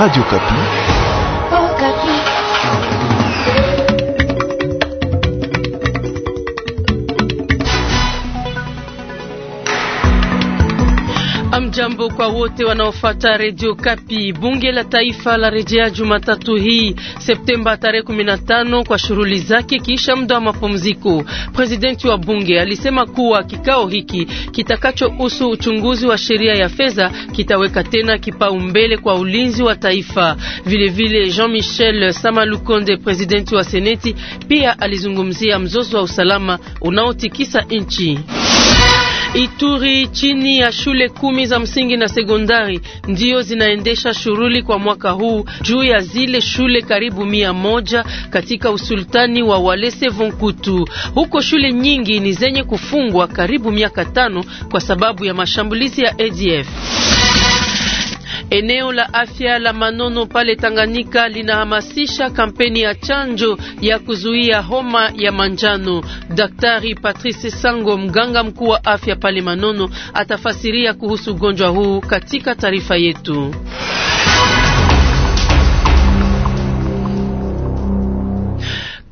Radio Kapi. Jambo kwa wote wanaofuata Radio Kapi. Bunge la Taifa la rejea Jumatatu hii Septemba tarehe 15 kwa shughuli zake kisha muda wa mapumziko. Presidenti wa bunge alisema kuwa kikao hiki kitakachohusu uchunguzi wa sheria ya fedha kitaweka tena kipaumbele kwa ulinzi wa taifa. Vilevile Jean-Michel Samalukonde, presidenti wa Seneti, pia alizungumzia mzozo wa usalama unaotikisa nchi. Ituri chini ya shule kumi za msingi na sekondari ndiyo zinaendesha shughuli kwa mwaka huu juu ya zile shule karibu mia moja katika usultani wa Walese Vonkutu. Huko shule nyingi ni zenye kufungwa karibu miaka tano kwa sababu ya mashambulizi ya ADF. Eneo la afya la Manono pale Tanganyika linahamasisha kampeni ya chanjo ya kuzuia homa ya manjano. Daktari Patrice Sango, mganga mkuu wa afya pale Manono, atafasiria kuhusu ugonjwa huu katika taarifa yetu.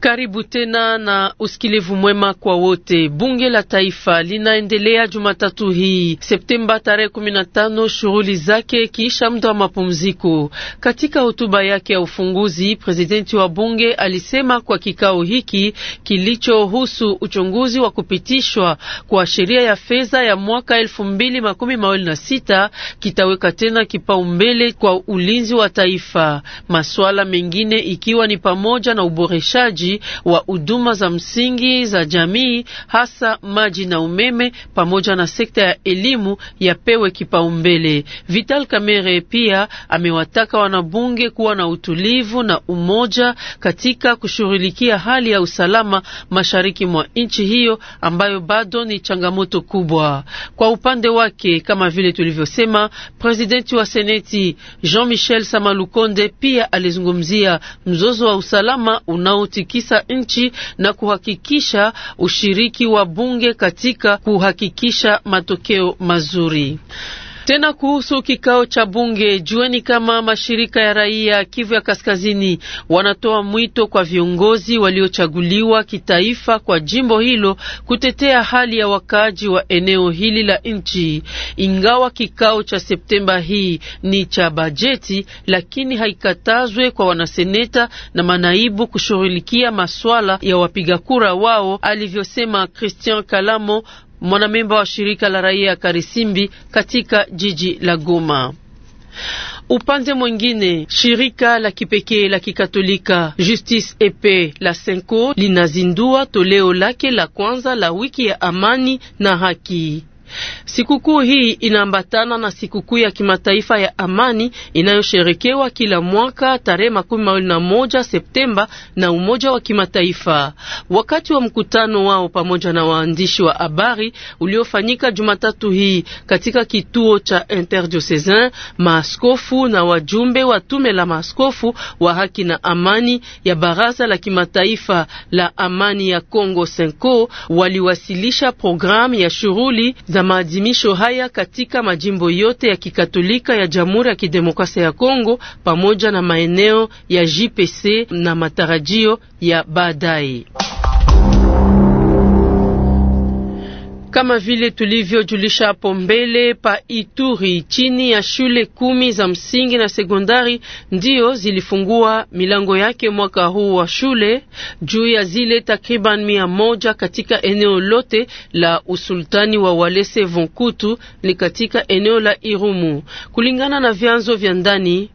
Karibu tena na usikilivu mwema kwa wote. Bunge la Taifa linaendelea Jumatatu hii Septemba tarehe 15 shughuli zake kiisha muda wa mapumziko. Katika hotuba yake ya ufunguzi, presidenti wa bunge alisema kwa kikao hiki kilichohusu uchunguzi wa kupitishwa kwa sheria ya fedha ya mwaka 2026 kitaweka tena kipaumbele kwa ulinzi wa taifa, masuala mengine ikiwa ni pamoja na uboreshaji wa huduma za msingi za jamii, hasa maji na umeme, pamoja na sekta ya elimu yapewe kipaumbele. Vital Kamerhe pia amewataka wanabunge kuwa na utulivu na umoja katika kushughulikia hali ya usalama mashariki mwa nchi hiyo ambayo bado ni changamoto kubwa. Kwa upande wake, kama vile tulivyosema, presidenti wa seneti Jean-Michel Samalukonde pia alizungumzia mzozo wa usalama unaotikisa tisa nchi na kuhakikisha ushiriki wa bunge katika kuhakikisha matokeo mazuri. Tena kuhusu kikao cha bunge, jueni kama mashirika ya raia Kivu ya Kaskazini wanatoa mwito kwa viongozi waliochaguliwa kitaifa kwa jimbo hilo kutetea hali ya wakaaji wa eneo hili la nchi. Ingawa kikao cha Septemba hii ni cha bajeti, lakini haikatazwe kwa wanaseneta na manaibu kushughulikia maswala ya wapiga kura wao, alivyosema Christian Kalamo, mwanamemba wa shirika la raia Karisimbi katika jiji la Goma. Upande mwingine shirika la kipekee la kikatolika Justice Epe la Senko linazindua toleo lake la kwanza la wiki ya amani na haki. Sikukuu hii inaambatana na sikukuu ya kimataifa ya amani inayosherekewa kila mwaka tarehe makumi mawili na moja Septemba na Umoja wa Kimataifa. Wakati wa mkutano wao pamoja na waandishi wa habari uliofanyika Jumatatu hii katika kituo cha Interdiocesan, maaskofu na wajumbe wa tume la maaskofu wa haki na amani ya Baraza la Kimataifa la Amani ya Congo Senko waliwasilisha programu ya shughuli za za maadhimisho haya katika majimbo yote ya Kikatolika ya Jamhuri ya Kidemokrasia ya Kongo pamoja na maeneo ya JPC na matarajio ya baadaye. Kama vile tulivyojulisha hapo mbele, pa Ituri chini ya shule kumi za msingi na sekondari ndio zilifungua milango yake mwaka huu wa shule juu ya zile takriban mia moja katika eneo lote la usultani wa Walese Vonkutu ni katika eneo la Irumu, kulingana na vyanzo vya ndani.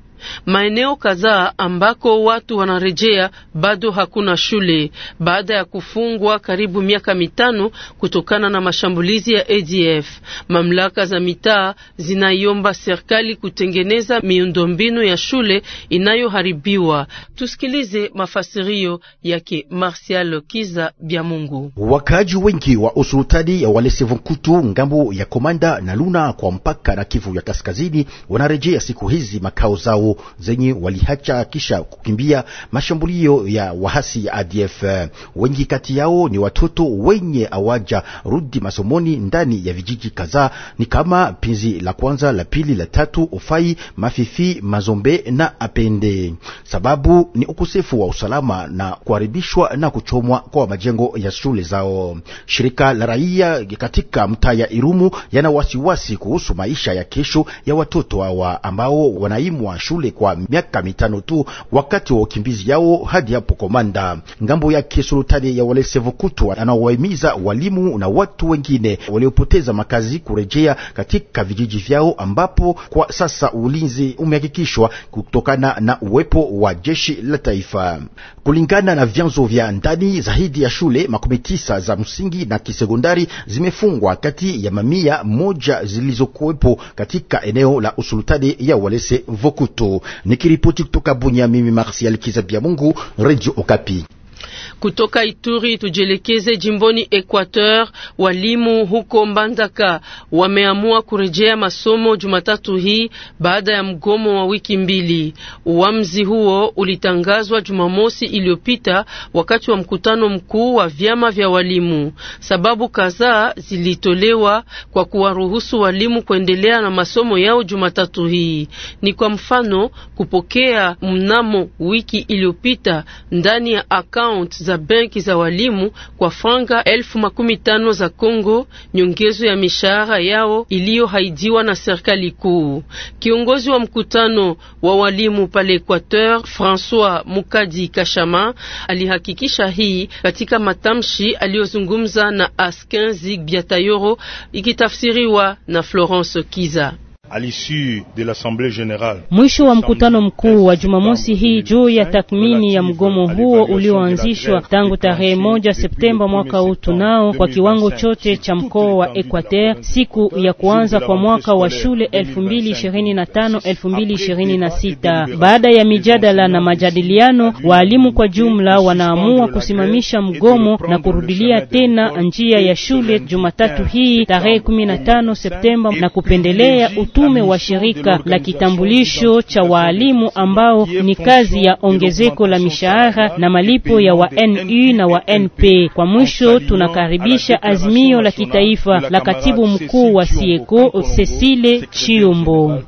Maeneo kadhaa ambako watu wanarejea bado hakuna shule baada ya kufungwa karibu miaka mitano kutokana na mashambulizi ya ADF. Mamlaka za mitaa zinaiomba serikali kutengeneza miundombinu ya shule inayoharibiwa. Tusikilize mafasirio yake Martial Kiza Bya Mungu. Wakaaji wengi wa usultani ya Walesevunkutu ngambo ya Komanda na Luna kwa mpaka na Kivu ya Kaskazini wanarejea siku hizi makao zao zao zenye walihacha kisha kukimbia mashambulio ya wahasi ya ADF. Eh, wengi kati yao ni watoto wenye awaja rudi masomoni ndani ya vijiji kadhaa ni kama Pinzi la kwanza, la pili, la tatu, ufai Mafifi, Mazombe na Apende. Sababu ni ukosefu wa usalama na kuharibishwa na kuchomwa kwa majengo ya shule zao. Shirika la raia katika mtaa ya Irumu yana wasiwasi kuhusu maisha ya kesho ya watoto hawa ambao wanaimwa shule shule kwa miaka mitano tu wakati wa ukimbizi yao hadi hapo Komanda. Ngambo yake kisultani ya Walesevukutu anawahimiza walimu na watu wengine waliopoteza makazi kurejea katika vijiji vyao, ambapo kwa sasa ulinzi umehakikishwa kutokana na uwepo wa jeshi la taifa. Kulingana na vyanzo vya ndani, zaidi ya shule makumi tisa za msingi na kisekondari zimefungwa kati ya mamia moja zilizokuwepo katika eneo la usultani ya Walese Vokuto. Bukavu. Nikiripoti kutoka Bunya, mimi Marsial Kizabia Mungu, Radio Okapi. Kutoka Ituri tujielekeze jimboni Equateur. Walimu huko Mbandaka wameamua kurejea masomo Jumatatu hii baada ya mgomo wa wiki mbili. Uamuzi huo ulitangazwa Jumamosi iliyopita wakati wa mkutano mkuu wa vyama vya walimu. Sababu kadhaa zilitolewa kwa kuwaruhusu walimu kuendelea na masomo yao Jumatatu hii. Ni kwa mfano kupokea mnamo wiki iliyopita ndani ya account za benki za walimu kwa franga elfu makumi tano za Kongo, nyongezo ya mishahara yao iliyohaidiwa na serikali kuu. Kiongozi wa mkutano wa walimu pale Equateur, François Mukadi Kashama, alihakikisha hii katika matamshi aliyozungumza na Askin Biatayoro, ikitafsiriwa na Florence Kiza. Mwisho wa mkutano mkuu wa Jumamosi hii juu ya tathmini ya mgomo huo ulioanzishwa tangu tarehe moja Septemba mwaka huu tunao kwa kiwango chote cha mkoa wa Equateur siku ya kuanza kwa mwaka wa shule 2025-2026. Baada ya mijadala na majadiliano, waalimu kwa jumla wanaamua kusimamisha mgomo na kurudilia tena njia ya shule Jumatatu hii tarehe 15 Septemba na kupendelea utume wa shirika la kitambulisho cha waalimu ambao ni kazi ya ongezeko la mishahara na malipo ya wa NU na wa NP. Kwa mwisho, tunakaribisha azimio la kitaifa la katibu mkuu wa Sieko Cecile Chiombo.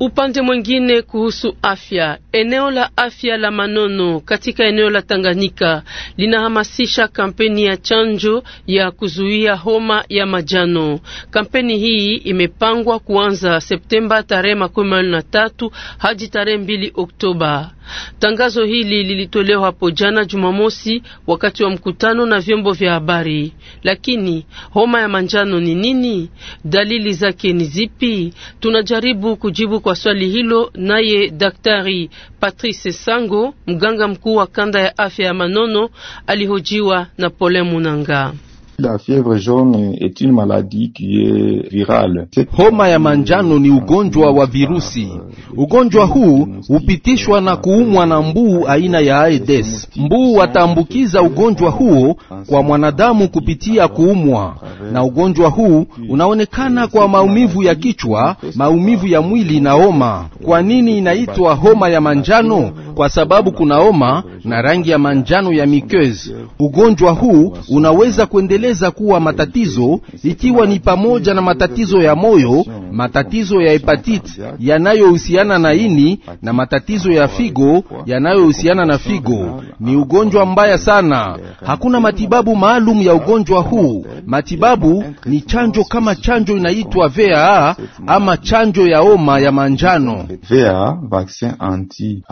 Upande mwingine kuhusu afya, eneo la afya la Manono katika eneo la Tanganyika linahamasisha kampeni ya chanjo ya kuzuia homa ya majano. Kampeni hii imepangwa kuanza Septemba tarehe makumi mawili na tatu hadi tarehe mbili Oktoba. Tangazo hili lilitolewa hapo jana Jumamosi wakati wa mkutano na vyombo vya habari. Lakini homa ya manjano ni nini? Dalili zake ni zipi? Tunajaribu kujibu kwa swali hilo, naye Daktari Patrice Sango, mganga mkuu wa kanda ya afya ya Manono, alihojiwa na Pole Munanga. La fièvre jaune est une maladie qui est virale. Homa ya manjano ni ugonjwa wa virusi. Ugonjwa huu hupitishwa na kuumwa na mbuu aina ya Aedes. Mbuu wataambukiza ugonjwa huo kwa mwanadamu kupitia kuumwa, na ugonjwa huu unaonekana kwa maumivu ya kichwa, maumivu ya mwili na homa. Kwa nini inaitwa homa ya manjano? Kwa sababu kuna homa na rangi ya manjano ya muqueuse. Ugonjwa huu unaweza kuendelea alieleza kuwa matatizo ikiwa ni pamoja na matatizo ya moyo, matatizo ya hepatiti yanayohusiana na ini na matatizo ya figo yanayohusiana na figo. Ni ugonjwa mbaya sana, hakuna matibabu maalum ya ugonjwa huu. Matibabu ni chanjo, kama chanjo inaitwa VAA ama chanjo ya homa ya manjano, VAA, vaccin anti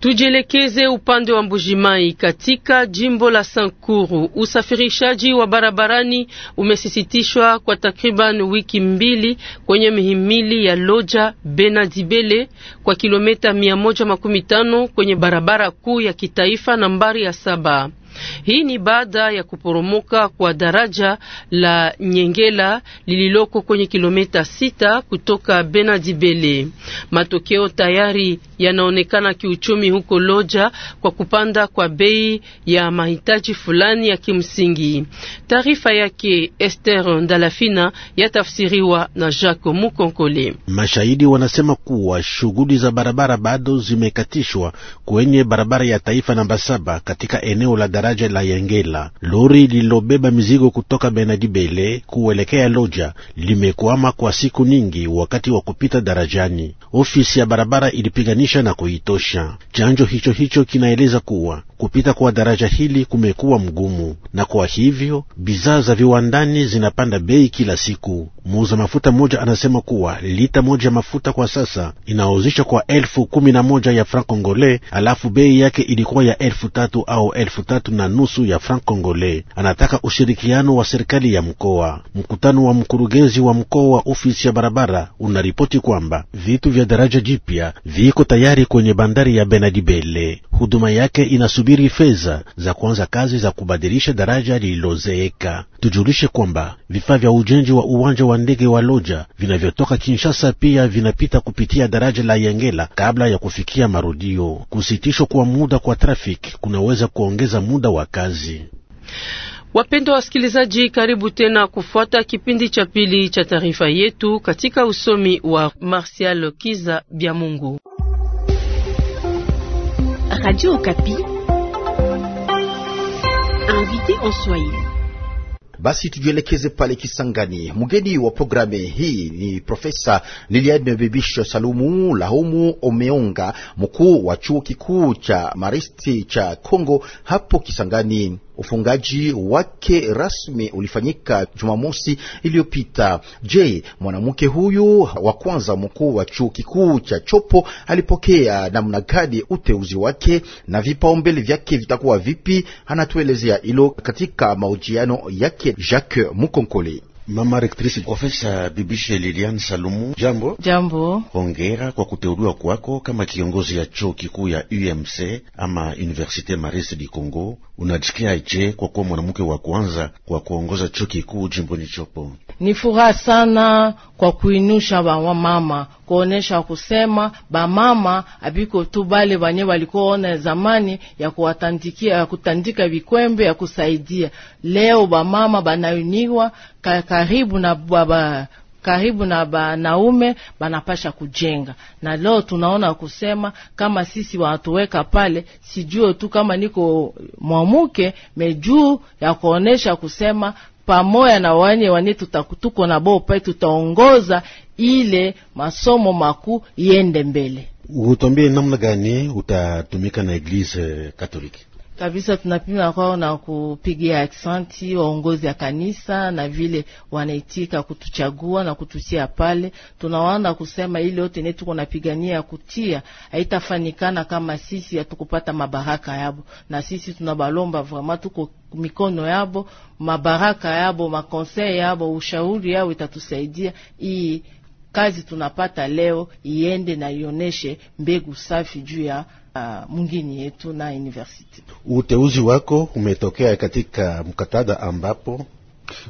Tujielekeze upande wa Mbujimai katika jimbo la Sankuru. Usafirishaji wa barabarani umesisitishwa kwa takriban wiki mbili kwenye mihimili ya Loja Benadibele kwa kilomita 115 kwenye barabara kuu ya kitaifa nambari ya saba. Hii ni baada ya kuporomoka kwa daraja la Nyengela lililoko kwenye kilomita sita kutoka Benadibele. Matokeo tayari yanaonekana kiuchumi huko Loja kwa kupanda kwa bei ya mahitaji fulani ya kimsingi. Taarifa yake Esther Ndalafina yatafsiriwa na Jacques Mukonkole. Mashahidi wanasema kuwa shughuli za barabara bado zimekatishwa kwenye barabara ya taifa namba saba katika eneo la daraja daraja la Yengela. Lori lililobeba mizigo kutoka Benadibele kuelekea Loja limekwama kwa siku nyingi wakati wa kupita darajani. Ofisi ya barabara ilipiganisha na kuitosha. Chanjo hicho hicho kinaeleza kuwa Kupita kwa daraja hili kumekuwa mgumu, na kwa hivyo bidhaa za viwandani zinapanda bei kila siku. Muuza mafuta moja anasema kuwa lita moja ya mafuta kwa sasa inauzisha kwa elfu kumi na moja ya franc congolais, alafu bei yake ilikuwa ya elfu tatu au elfu tatu na nusu ya franc congolais. Anataka ushirikiano wa serikali ya mkoa. Mkutano wa mkurugenzi wa mkoa wa ofisi ya barabara unaripoti kwamba vitu vya daraja jipya viko tayari kwenye bandari ya Benadibele. Huduma yake inasubiri kusubiri fedha za kuanza kazi za kubadilisha daraja lililozeeka. Tujulishe kwamba vifaa vya ujenzi wa uwanja wa ndege wa Loja vinavyotoka Kinshasa pia vinapita kupitia daraja la Yengela kabla ya kufikia marudio. Kusitishwa kwa muda kwa trafiki kunaweza kuongeza muda wa kazi. Wapendwa wasikilizaji, karibu tena kufuata kipindi cha pili cha taarifa yetu katika usomi wa Martial Kiza Byamungu. Radio Kapi invité en Swahili. Basi tujielekeze pale Kisangani. Mgeni wa programu hii ni Profesa Lilian Bibisho Salumu Lahumu Omeonga, mkuu wa chuo kikuu cha Maristi cha Kongo hapo Kisangani. Ufungaji wake rasmi ulifanyika Jumamosi iliyopita. Je, mwanamke huyu wa kwanza mkuu wa chuo kikuu cha Chopo alipokea namna gani uteuzi wake na vipaumbele vyake vitakuwa vipi? Anatuelezea hilo katika mahojiano yake Jacques Mukonkoli. Mama rektrisi Profesa Bibishe Lilian Salumu, jambo. Jambo. Hongera kwa kuteuliwa kwako kama kiongozi ya chuo kikuu ya UMC ama Universite Mariste di Congo. Unajikia je kwa kuwa mwanamke wa kwanza kwa kuongoza chuo kikuu jimboni Chopo? Ni furaha sana kwa kuinusha mama kuonesha kusema bamama abiko tu bale banye balikuona zamani ya kuwatandikia ya kutandika vikwembe ya kusaidia. Leo bamama ka, karibu na baba karibu na banaume banapasha kujenga, na leo tunaona kusema kama sisi wanatuweka pale, sijue tu kama niko mwamuke mejuu ya kuonesha kusema pamoya na wanye wanye tutakutuko na bo pae tutaongoza ile masomo makuu iende mbele. utambie namna gani utatumika na Eglise Katoliki? kabisa tunapima kwao na kupigia aksanti waongozi ya kanisa na vile wanaitika kutuchagua na kututia pale. Tunawanda kusema ile yote ne tuko napigania ya kutia haitafanikana kama sisi hatukupata mabaraka yabo, na sisi tunabalomba vrema, tuko mikono yabo, mabaraka yabo, makonsei yabo, ushauri yao itatusaidia hii kazi tunapata leo iende na ioneshe mbegu safi juu ya uh, ah, mungini yetu na university. Uteuzi wako umetokea katika mkatada ambapo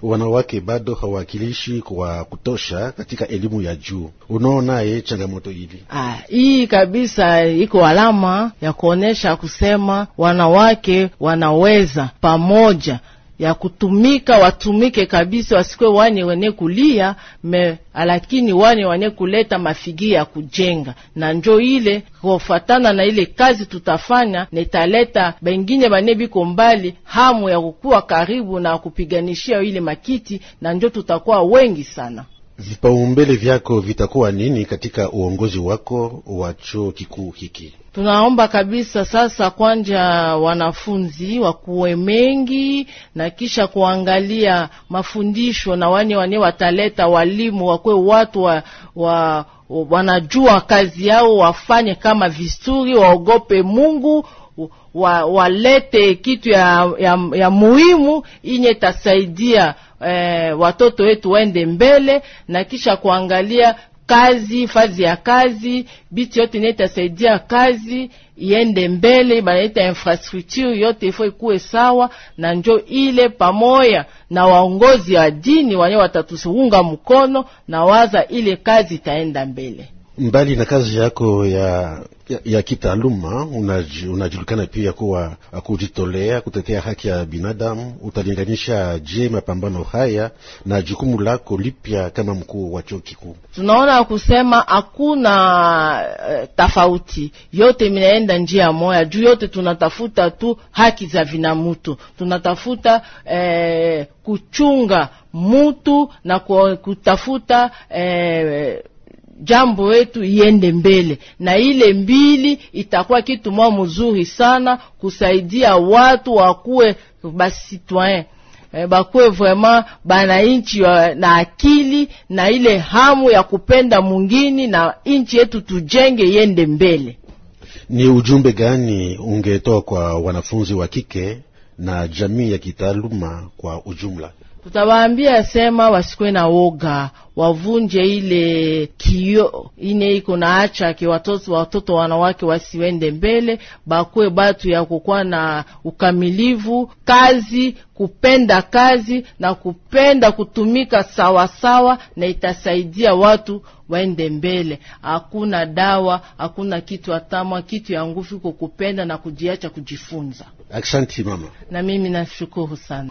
wanawake bado hawakilishi kwa kutosha katika elimu ya juu. Unaonaye changamoto hili? Ah, hii kabisa iko alama ya kuonyesha kusema wanawake wanaweza pamoja ya kutumika watumike kabisa, wasikwe wane wene kulia me, alakini wane wane kuleta mafigi ya kujenga, na njo ile kufatana na ile kazi tutafanya nitaleta bengine bane biko mbali hamu ya kukuwa karibu na kupiganishia ile makiti, na njo tutakuwa wengi sana. Vipaumbele vyako vitakuwa nini katika uongozi wako wa chuo kikuu hiki? Tunaomba kabisa sasa kwanja wanafunzi wakuwe mengi na kisha kuangalia mafundisho na wane wane wataleta walimu wakuwe watu wa, wa wanajua kazi yao, wafanye kama visuri waogope Mungu, wa, walete kitu ya, ya, ya muhimu inye tasaidia eh, watoto wetu waende mbele na kisha kuangalia kazi fazi ya kazi biti yote ne itasaidia kazi iende mbele, banaita infrastructure yote ifo ikuwe sawa, na njo ile pamoya na waongozi wa dini wenye watatuunga mkono na waza ile kazi itaenda mbele mbali na kazi yako ya ya, ya kitaaluma unajulikana pia kuwa kujitolea kutetea haki ya binadamu. Utalinganisha je mapambano haya na jukumu lako lipya kama mkuu wa chuo kikuu? Tunaona kusema hakuna e, tofauti, yote minaenda njia moja, juu yote tunatafuta tu haki za vinamutu, tunatafuta e, kuchunga mutu na kutafuta e, jambo yetu iende mbele, na ile mbili itakuwa kitu mwa mzuri sana kusaidia watu wakuwe E, bakuwe vraiment wa, na akili na ile hamu ya kupenda mungini na nchi yetu tujenge yende mbele. Ni ujumbe gani ungetoa kwa wanafunzi wa kike na jamii ya kitaaluma kwa ujumla? tutawaambia sema wasikuwe na woga, wavunje ile kio ine iko na acha ke watoto watoto wanawake wasiwende mbele, bakwe batu ya kukuwa na ukamilivu kazi, kupenda kazi na kupenda kutumika sawasawa sawa, na itasaidia watu waende mbele. Hakuna dawa, hakuna kitu atama kitu ya nguvu, kukupenda na kujiacha kujifunza. Asante mama, na mimi nashukuru sana.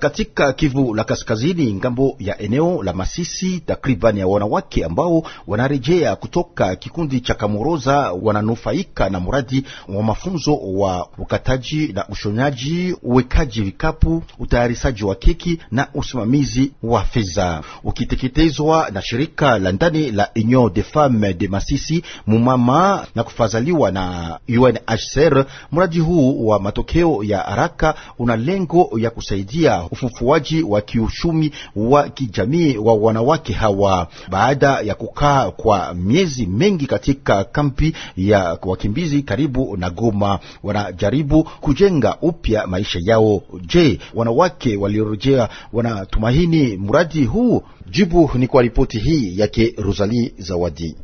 katika Kivu la Kaskazini, ngambo ya eneo la Masisi, takriban ya wanawake ambao wanarejea kutoka kikundi cha Kamoroza wananufaika na mradi wa mafunzo wa ukataji na ushonyaji uwekaji vikapu, utayarishaji wa keki na usimamizi wa fedha, ukiteketezwa na shirika la ndani la Union des Femmes de Masisi Mumama na kufadhaliwa na UNHCR. Mradi huu wa matokeo ya haraka una lengo ya kusaidia ufufuaji wa kiuchumi wa kijamii wa wanawake hawa baada ya kukaa kwa miezi mengi katika kampi ya wakimbizi karibu na Goma, wanajaribu kujenga upya maisha yao. Je, wanawake waliorejea wanatumaini mradi huu? Jibu ni kwa ripoti hii yake Rosalie Zawadi.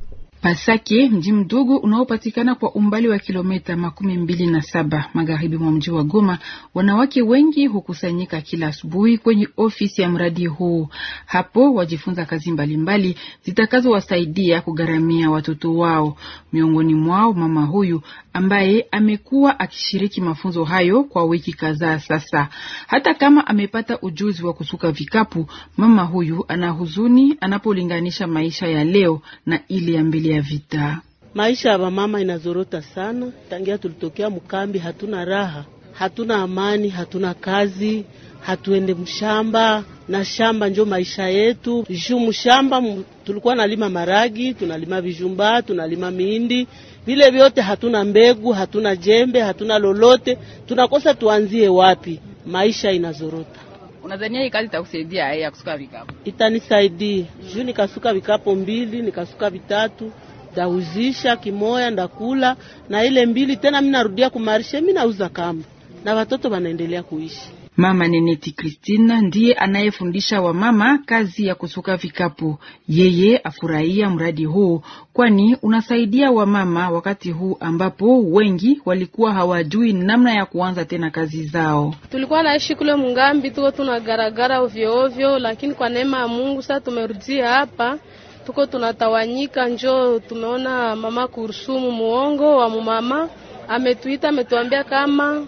Pasake, mji mdogo unaopatikana kwa umbali wa kilomita makumi mbili na saba magharibi mwa mji wa Goma, wanawake wengi hukusanyika kila asubuhi kwenye ofisi ya mradi huu. Hapo wajifunza kazi mbalimbali zitakazowasaidia kugharamia watoto wao. Miongoni mwao mama huyu ambaye amekuwa akishiriki mafunzo hayo kwa wiki kadhaa sasa. Hata kama amepata ujuzi wa kusuka vikapu, mama huyu ana huzuni anapolinganisha maisha ya leo na ile ya mbele ya vita. Maisha ya wamama inazorota sana, tangia tulitokea mkambi, hatuna raha, hatuna amani, hatuna kazi, hatuende mshamba na shamba njo maisha yetu. Juu mshamba tulikuwa nalima maragi, tunalima vijumba, tunalima mihindi, vile vyote hatuna mbegu, hatuna jembe, hatuna lolote, tunakosa tuanzie wapi? Maisha inazorota. Unadhania hii kazi itakusaidia eh, ya kusuka vikapu? Itanisaidia juu nikasuka vikapo mbili, nikasuka vitatu ndauzisha kimoya ndakula na ile mbili tena, mimi narudia kumarisha, mimi nauza kamba na watoto wanaendelea kuishi. Mama Neneti Kristina ndiye anayefundisha wamama kazi ya kusuka vikapu. Yeye afurahia mradi huu, kwani unasaidia wamama wakati huu ambapo wengi walikuwa hawajui namna ya kuanza tena kazi zao. Tulikuwa naishi kule Mungambi, tuko tunagaragara ovyoovyo, lakini kwa neema ya Mungu sasa tumerudia hapa tuko tunatawanyika, njo tumeona mama Kursumu muongo wa mumama ametuita, ametuambia kama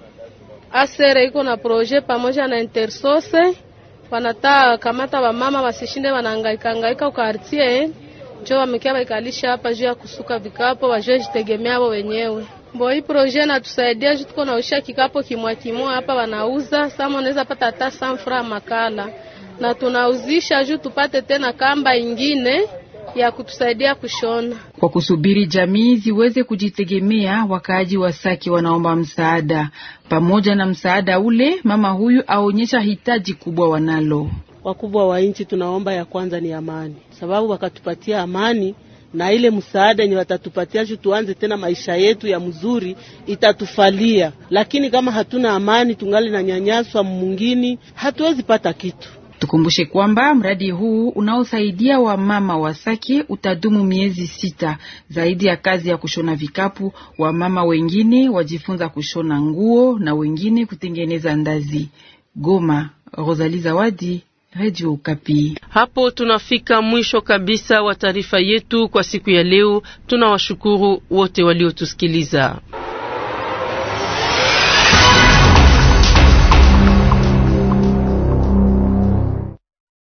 asere iko na projet pamoja na Intersose wanata kamata wamama wasishinde wanahangaika hangaika ukartie, eh. njo wamekia waikalisha hapa juu ya kusuka vikapo, wajue jitegemea wao wenyewe. Mbo hii proje natusaidia juu tuko nausha kikapo kimwa kimwa hapa wanauza sama, unaweza pata hata sanfra makala na tunauzisha juu tupate tena kamba ingine ya kutusaidia kushona. Kwa kusubiri jamii ziweze kujitegemea, wakaaji wa Sake wanaomba msaada. Pamoja na msaada ule, mama huyu aonyesha hitaji kubwa wanalo. Wakubwa wa nchi tunaomba ya kwanza ni amani, sababu wakatupatia amani na ile msaada yenye watatupatia shu tuanze tena maisha yetu ya mzuri itatufalia, lakini kama hatuna amani tungali na nyanyaswa mungini, hatuwezi pata kitu. Tukumbushe kwamba mradi huu unaosaidia wamama Wasake utadumu miezi sita. Zaidi ya kazi ya kushona vikapu, wamama wengine wajifunza kushona nguo na wengine kutengeneza ndazi. Goma, Rosali Zawadi, Radio Okapi. Hapo tunafika mwisho kabisa wa taarifa yetu kwa siku ya leo. Tunawashukuru wote waliotusikiliza.